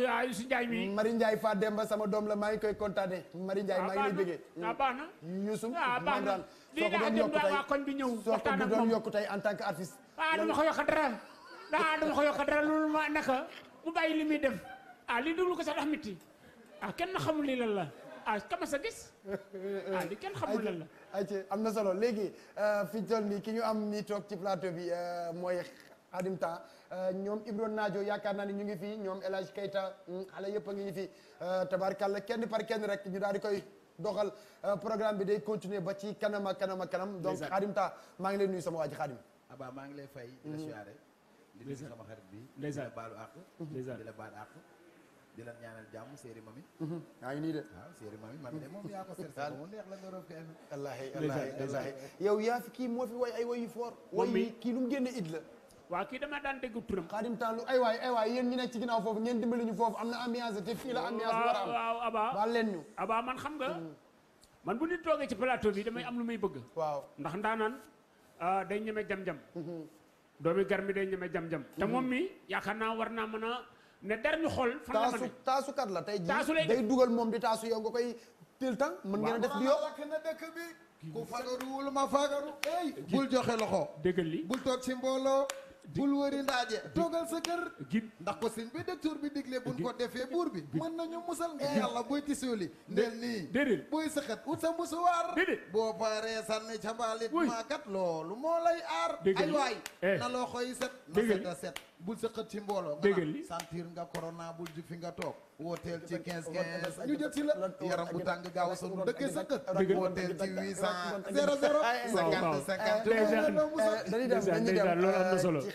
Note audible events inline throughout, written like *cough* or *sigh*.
yaa Youssou Ndiaye mi Marie Ndiaye fa Demba sama doom la maa ngi koy kontaane Marie Ndiaye maa ngi lay bëggee ah baax na Youssou man daal soo ko doon yokku tey bi ñëw waxtaan ak moom soo ko doon en tant que artiste ah, ko yokk dara ah ko yokk dara loolu ma naka li muy def ah li déglu ko sax dax miti ah kenn xamul li lan la ah kama sa gis ah li kenn xamul lan la ay am na solo léegi euh, fi toll nii ki ñu am ni toog ci plateau bi euh, mooy Khadim Temps euh, ñoom Ibro Naajo yaakaar naa ni ñu ngi fii ñoom El Hadj Keita mm, xale yëpp a ngi fi euh, tabarkàlla kenn par kenn rek ñu daal di koy doxal euh, programme bi day continuer ba ci kanam ak kanam ak kanam. donc Khadim Temps maa ngi lay nuyu sama waa ji Khadim. maa ngi lay fay. la mm-hmm. siyaare di nuyu sama xarit bi. di la baalu àq. Mm-hmm. ndeysaan di la baal mm-hmm. ngi nii de. waaw la nga roog yow yaa kii moo fi way ay wayu foor. way kii lu mu génne it la. waaw kii dama daan dégg turam xaadim tàllu ay waay ay na ambiance te fii la ambiance war a am waaw man xam nga mm-hmm. man bu nit toogee ci plateau bi damay am lu muy bëgg waaw ndax ndaanaan ah, day ñeme jam-jam mm-hmm. doomi gar mi day ñeme jam-jam te mm-hmm. moom mi yaakaar naa war naa mën a ne der ñu xool fan la taasu taasukat la tey ji day dugal moom di taasu yow nga koy til tan mën ngeen def di yokk na dëkk bi joxe loxo dëggal li bul toog ci mbooloo bul wëri ndaaje toogal sa kër ndax ko sëñ bi docteur bi digle buñ ko defee buur bi mën nañu musal nga eh, yàlla booy tisuli ndel nii déedéet booy sëxat ut sa musuwaar boo paree sànni ca mbaalit maakat loolu moo lay aar ay waay eh. na loo set na set a set bul sëxat ci mbooloo nga sentir nga corona bul ju fi nga toog wooteel ci 15 15 ñu jël ci la yaram bu tàng gaaw a sonn dëkk sa kër wooteel ci 800 00 50 dem ci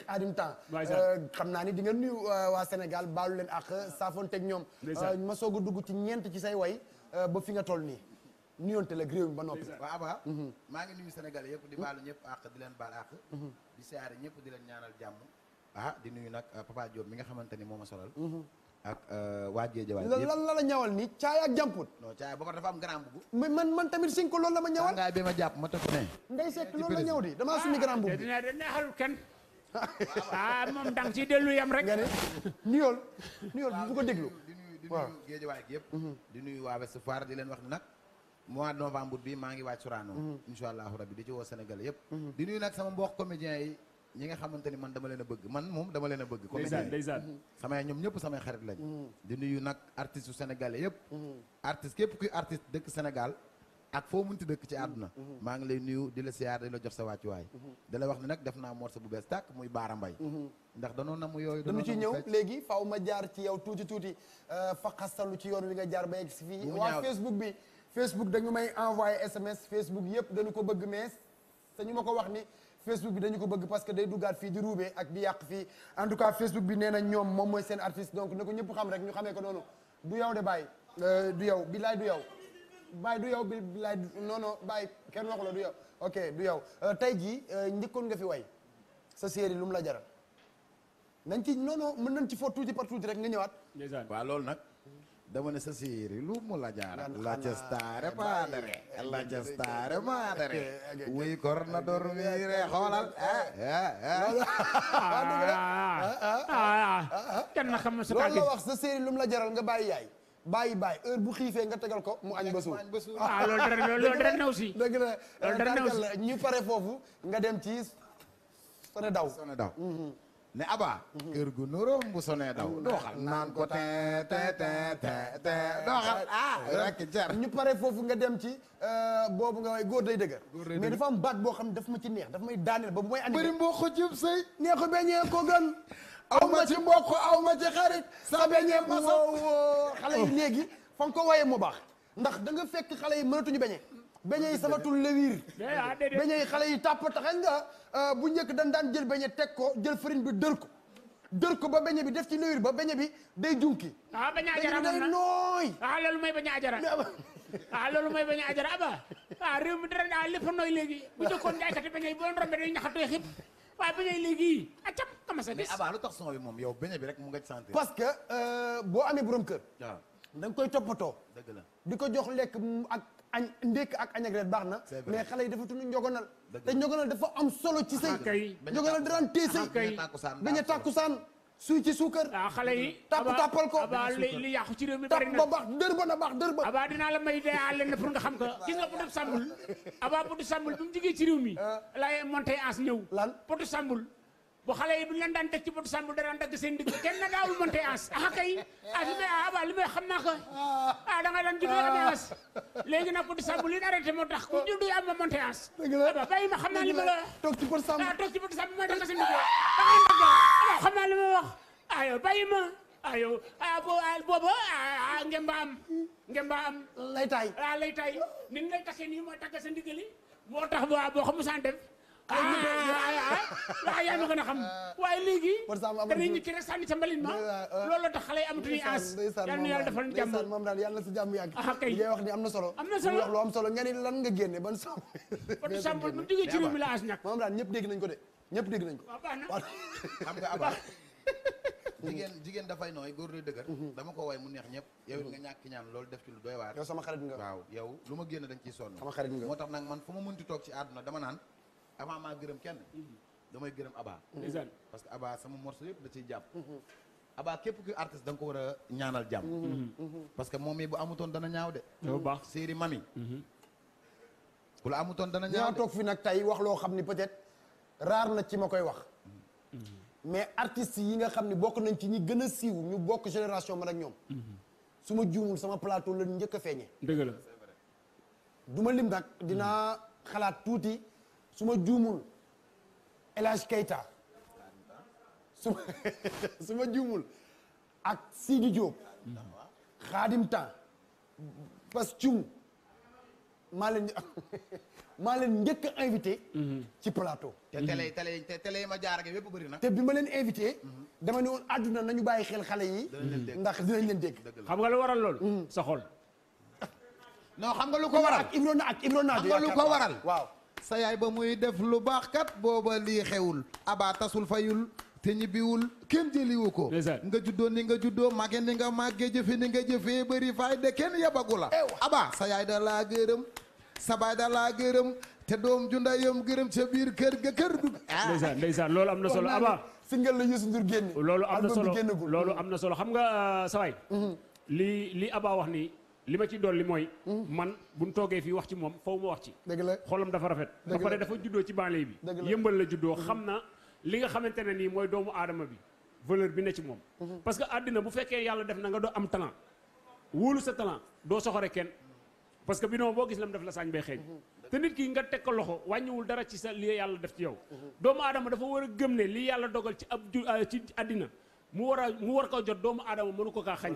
Xaadim temps xam naa ni di nga nuyu eh, waa Sénégal baalu leen ak saafonteeg ñoom eh, ma soog a dugg ci ñeent ci say way eh, ba fi nga toll nii nuyoonte la réew mi ba noppi waaw waaw mm-hmm. maa ngi nuyu Sénégal yëpp di baalu ñëpp àq di leen baal ak mm-hmm. di siyaare ñëpp di leen ñaanal jàmm ah di nuyu nag Papa Diop mi nga xamante ni moom ma solal mm-hmm. ak euh, waa Géejawaay lan la la ñawal nii caay ak jàmput non caay booba dafa am grand bubu man man tamit sin ko loolu la ma ñawal ngaay bi ma jàpp ma tëf ne nday sekk loolu la ñëw di damaa sumi grand bubu ah, dina dina xalul kenn *laughs* ah moom dang si dellu yam rek nga ne nuyool nuyool bu ko déglu di nuyu Géejawaay gi yëpp mhm. di nuyu waa Ouest Foire di leen wax nag mois de novembre bi maa ngi wàcc Sorano mhm. insha allahu rabbi di ci woo Sénégal yëpp mhm. di nuyu nag sama mbokk comédien yi ñi nga xamante ni man dama leen a bëgg man moom dama leen a bëgg. ndeysaan ndeysaan samay ñoom ñëpp samay xarit lañ. Mm-hmm. di nuyu nag artistes yu sénégalais yëpp. Mm-hmm. artiste képp kuy artiste dëkk Sénégal ak foo ti dëkk ci àdduna. Mm-hmm. maa ngi lay nuyu di la siyaar di la jox sa wàccuwaay. di la wax ni nag def naa morceau bu bees tàkk muy Baara Mbay. ndax danoon na mu yooyu. danoon na mu ci ñëw léegi faaw ma jaar ci yow tuuti tuuti euh, fa xasalu ci yoon wi nga jaar ba yegg si fii. waa Facebook bi Facebook dañu may envoyé SMS Facebook yëpp dañu ko bëgg mees te ñu ma ko wax ni Facebook bi dañu ko bëgg parce que day duggaat fii di ruubee ak di yàq fii en tout cas Facebook bi nee na ñoom moom mooy seen artiste donc ne ko ñëpp xam rek ñu xamee ko noonu du yow de Baye euh, du yow billaay du yow Baye du yow billaay non non kenn waxu la du yow ok du yow euh, tey jii euh, njëkkoon nga fi way sa série lu la jaral nañ ci non non mën nañ ci fo tuuti par tuuti rek nga ñëwaat. waaw loolu nag. dama ne sa séeréelu mu la jaara la cestaare maadare la cestaare maadare wuy kor na door wiire xoolal kenn xam na sa loolu la wax sa séeréelu mu la jaral nga bàyyi yaay bàyyi bàyyi heure bu xiifee nga tegal ko mu añ ba suur ah loolu dara loolu dara ñu pare foofu nga dem ci sone daw sone daw ne Abba. kër gu nuróom bu sonee daw dooxal naan ko te te te te te dooxal ah, ah, ah rek jar ñu pare foofu nga dem ci euh, boobu nga way góor day dëgër mais dafa am baat boo xam ne daf ma ci neex daf may daaneel ba bu may andi bëri mboo ko jub sëy nee ko beñee ko gën aw ma ci mbokk aw ma ci xarit sa beñee ma sa xale yi léegi fa nga ko wayee mu baax ndax da nga fekk xale yi mënatuñu beñee beñe yi safatul lewir beñe yi xale yi tàpp taxañ nga euh, bu njëkk dañ daan jël beñe teg ko jël farine bi dër ko dër ko ba beñe bi def ci lewir ba beñe bi day junki ah beñe ajara day nooy ah loolu mooy beñe ajara ah loolu mooy beñe ajara aba ah mi dara daa lépp léegi bu njëkkoon jaaykati beñe yi boo leen rombee dañuy ñaxatooy xib waaye beñe yi léegi acam kama sa gis mais aba son bi moom yow beñe bi rek mu nga santé parce que euh, boo amee borom kër ah. da nga koy toppatoo dëgg la di ko jox lekk ak añ ndékk ak añ ak reer baax na mais xale yi dafa tunu njogonal te njogonal dafa am solo ci sëy ah, njogonal daan tee sëy ah, bañ a tàkkusaan suy ci suukar waaw ah, xale yi tàpp tàppal ko li yàqu ci réew mi bari na tàpp ba baax dër ba na baax dër ba abaa dinaa la may dayaa lenn pour nga xam ko gis nga potu sambul abaa potu sambul bi mu jógee ci réew mi lay monté as ñëw lan potu sambul bu xale yi bu ñu leen daan ci botu sàmm daan dagg seen digg kenn na daawul monté ans ah kay *laughs* ah li may ah waaw xam naa a ah da nga daan judd amee ans léegi nag botu sàmm li ñu arrêté moo tax ku judd am ah, ma monté ans ba xam naa li ma la toog ci botu sàmm ah toog ci botu dagg seen digg ah, ah, li ma wax ah yow bàyyi ma ah yow ah booba ah ngemba am ngemba am laytaay ah ni dagg seen digg li moo tax boo boo xam mu def Ah. waaw yaa ma gën a xam waaye léegi danañ ñu ci sa mbalit ma ah. loolu tax xale yi amatuñu as yal moom daal yàlla si jàmm yàgg ah wax ni am na solo am na solo wax lu am solo nga ni lan nga génne ban sam oto *laughs* sàmbal mu jógee ci réew mi la as ñëpp dégg nañ ko de ñëpp dégg nañ ko waaw baax na xam nga aba jigéen jigéen dafay nooy góor luy dëgër mhm. dama ko way mu neex ñëpp mhm. yow it nga ñàkk ñaan loolu def ci lu doy waar yow sama xarit nga waaw yow lu ma génn dañ ciy sonn moo tax nag man fu ma mënti toog ci àdduna dama naan avant maa gërëm kenn damay gërëm Abba parce que Abba sama morceau yëpp da ciy jàpp mhm. Abba képp ku artiste da ko war a ñaanal jàmm mhm. Mhm. parce que moom mi bu amutoon dana ñaaw de baax séeri mami dana ñaaw toog fii nag tey wax loo xam ni peut-être raar na ci ma koy wax mais artistes yi nga xam ne bokk nañ ci ñi gën a siiw ñu bokk génération man ak ñoom su ma juumul sama plateau la njëkk a feeñe dëgg lim nag dinaa xalaat tuuti suma ma juumul El Hadj Keita su ma *laughs* su ma juumul ak Sidi Diop Xaadim Tan Bas Cung maa leen njëkk a invité. ci plateau. te télé télé te télé yi ma jaar ak bi ma leen invité. dama ne woon àdduna nañu bàyyi xel xale yi. ndax dinañ leen dégg. xam nga lu waral loolu. Mm. sa xol. non xam nga lu ko waral ak Ibro xam nga lu ko waral waaw. sa yaay ba muy def lu baax kat booba lii xewul abaa tasul fayul te ñibbiwul kenn jëliwu ko nga juddoo ni nga juddoo màgge ni nga màggee jëfe ni nga jëfee bëri faay de kenn yabagu la abaa sa yaay da laa gërëm sa baay da laa gërëm te doom ju ndayam gërëm ca biir kër ga kër du ah. ndeysaan ndeysaan loolu am na solo abaa singal la Youssou Ndour génn loolu am na solo loolu am na solo xam nga euh, sawaay mm-hmm. li lii abaa wax nii li ma ci li mooy. Hmm? man bu ñu toogee fii wax ci moom faw ma wax ci. dëgg la xolam dafa rafet. ba dafa juddoo ci banlieue bi. yëmbal la juddoo hmm. xam na li nga xamante ne nii mooy doomu aadama bi valeur bi ne ci moom. Hmm. parce que àddina bu fekkee yàlla def na nga doo am talent wóolu sa talent doo soxore kenn parce que bidon boo gis lam def la saañ bay xeeñ. te nit ki nga teg ko loxo wàññiwul dara ci sa li yàlla def ci yow. doomu aadama dafa war a gëm ne li yàlla dogal ci euh, ci àddina mu war a mu war koo jot doomu aadama mënu ko kaa xañ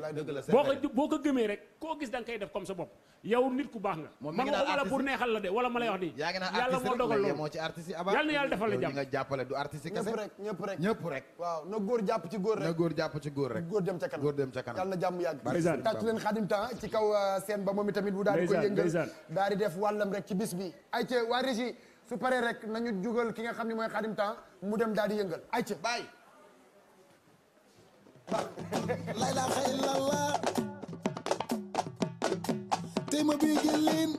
boo ko boo ko gëmee rek koo gis da nga def comme sa bopp yow nit ku baax nga man waxuma la pour neexal la de wala ma lay wax nii yàlla moo dogal loolu yàlla na yàlla defal la jàmm nga jàppale du artiste kese ñëpp rek ñëpp rek ñëpp rek waaw na góor jàpp ci góor rek na góor jàpp ci góor rek góor na jàmm yàgg tàcc euh, bis bi ay ca su paree rek nañu jugal ki nga xam ne mooy xaadim temps mu dem daal di yëngal ay ca bàyyi la ilaha illallah tey ma bii gi leen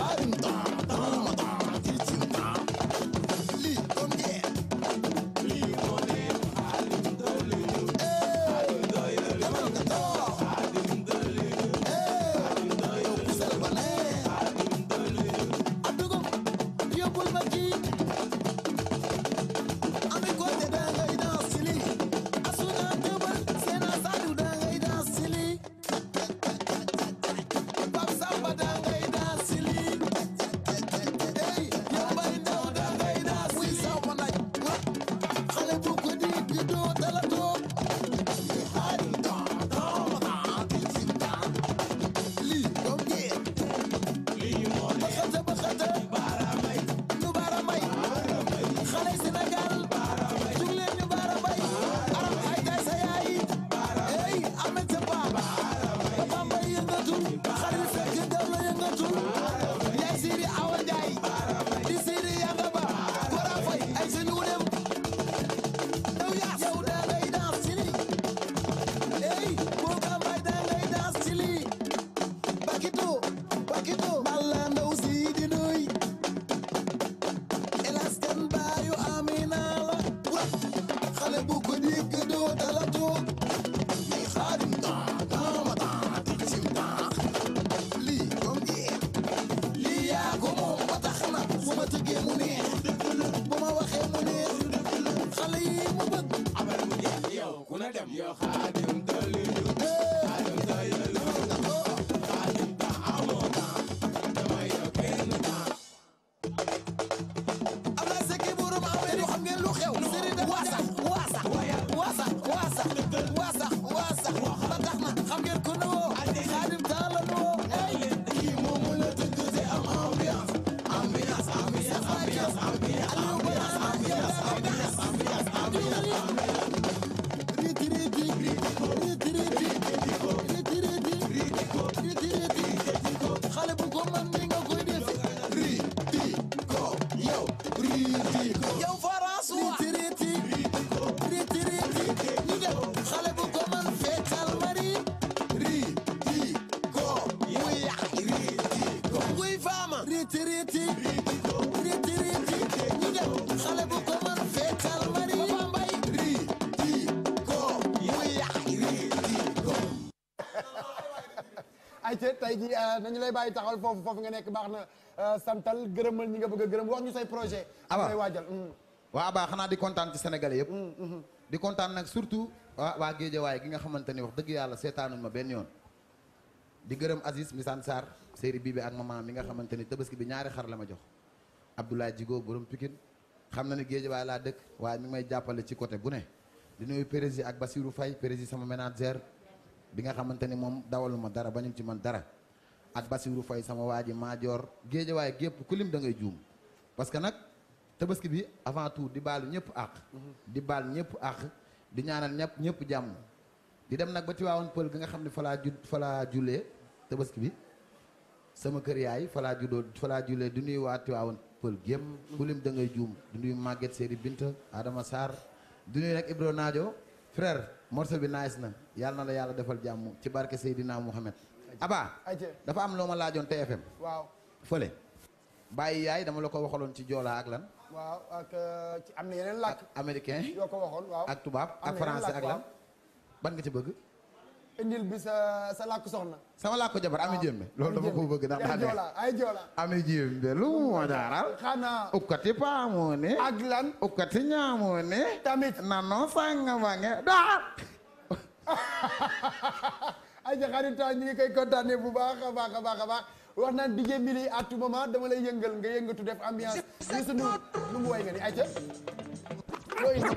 I'm ayca tey jii euh, nañu lay bàyyi taxawal foofu foofu nga nekk baax na euh, santal gërëm gërëmal ñi nga bëgg a gërëm wax ñu say projet aba ah waajal hmm. waa baa xanaa di kontaan ci sénégalais yëpp hmm, hmm, di kontaan nag surtout waa waa waaye gi nga xamante ni wax dëgg yàlla seetaanuñ ma benn yoon di gërëm Aziz Misaan Sarr séeri bii bi ak maman mi nga xamante ni tabaski bi ñaari xar la ma jox Abdoulaye Jigo borom Pikine xam na ni Géejawaay laa dëkk waaye mi may jàppale ci côté bu ne di nuyu Pérési ak Basirou Faye Pérési sama bi nga xamante ni moom dawaluma dara ba ñu ci man dara ak Basiirou Faye sama waa ji maajoor géejawaay gépp ku lim juum parce que nag tabaski bi avant tout di baalu ñëpp àq. Mhm. di baal ñëpp àq di ñaanal ñëpp ñëpp jàmm di dem nag ba ci waawoon pël gi nga xam ni falaa ju falaa jullee tabaski bi sama kër yaay falaa juddoo falaa jullee di nuyu waa Tiwaawoon pël gémm ku lim da ngay juum du nuyu Maguette seeri Binta Adama Sarr du nuyu nag Ibro Naajo frère morceau bi nice na yàlla na la yàlla defal jàmm ci barke Seydina Mouhamed. Aba dafa am loo ma laajoon TFM. waaw fële. bàyyi yaay dama la ko waxaloon ci joolaa ak lan. waaw ak euh, am na yeneen làkk. américain yoo ko waxoon waaw ak tubaab ak français ak lan ban nga ci bëgg. indil bi sa sa làkku sama làkku jabar ami jéembe. Ah. loolu bëgg ndax ay joola ami jéembe lu moo daaral. xanaa ukkati paamoo ne. ak lan ukkati ñaamoo tamit nanoo sànga wange daar. *laughs* ay jaxarita ñu ngi koy kontaane bu baax a baax a baax a baax wax naan DJ Mili à tout dama lay yëngal nga yëngatu def ambiance. lu sunu lu mu way nga ni ayca. السكر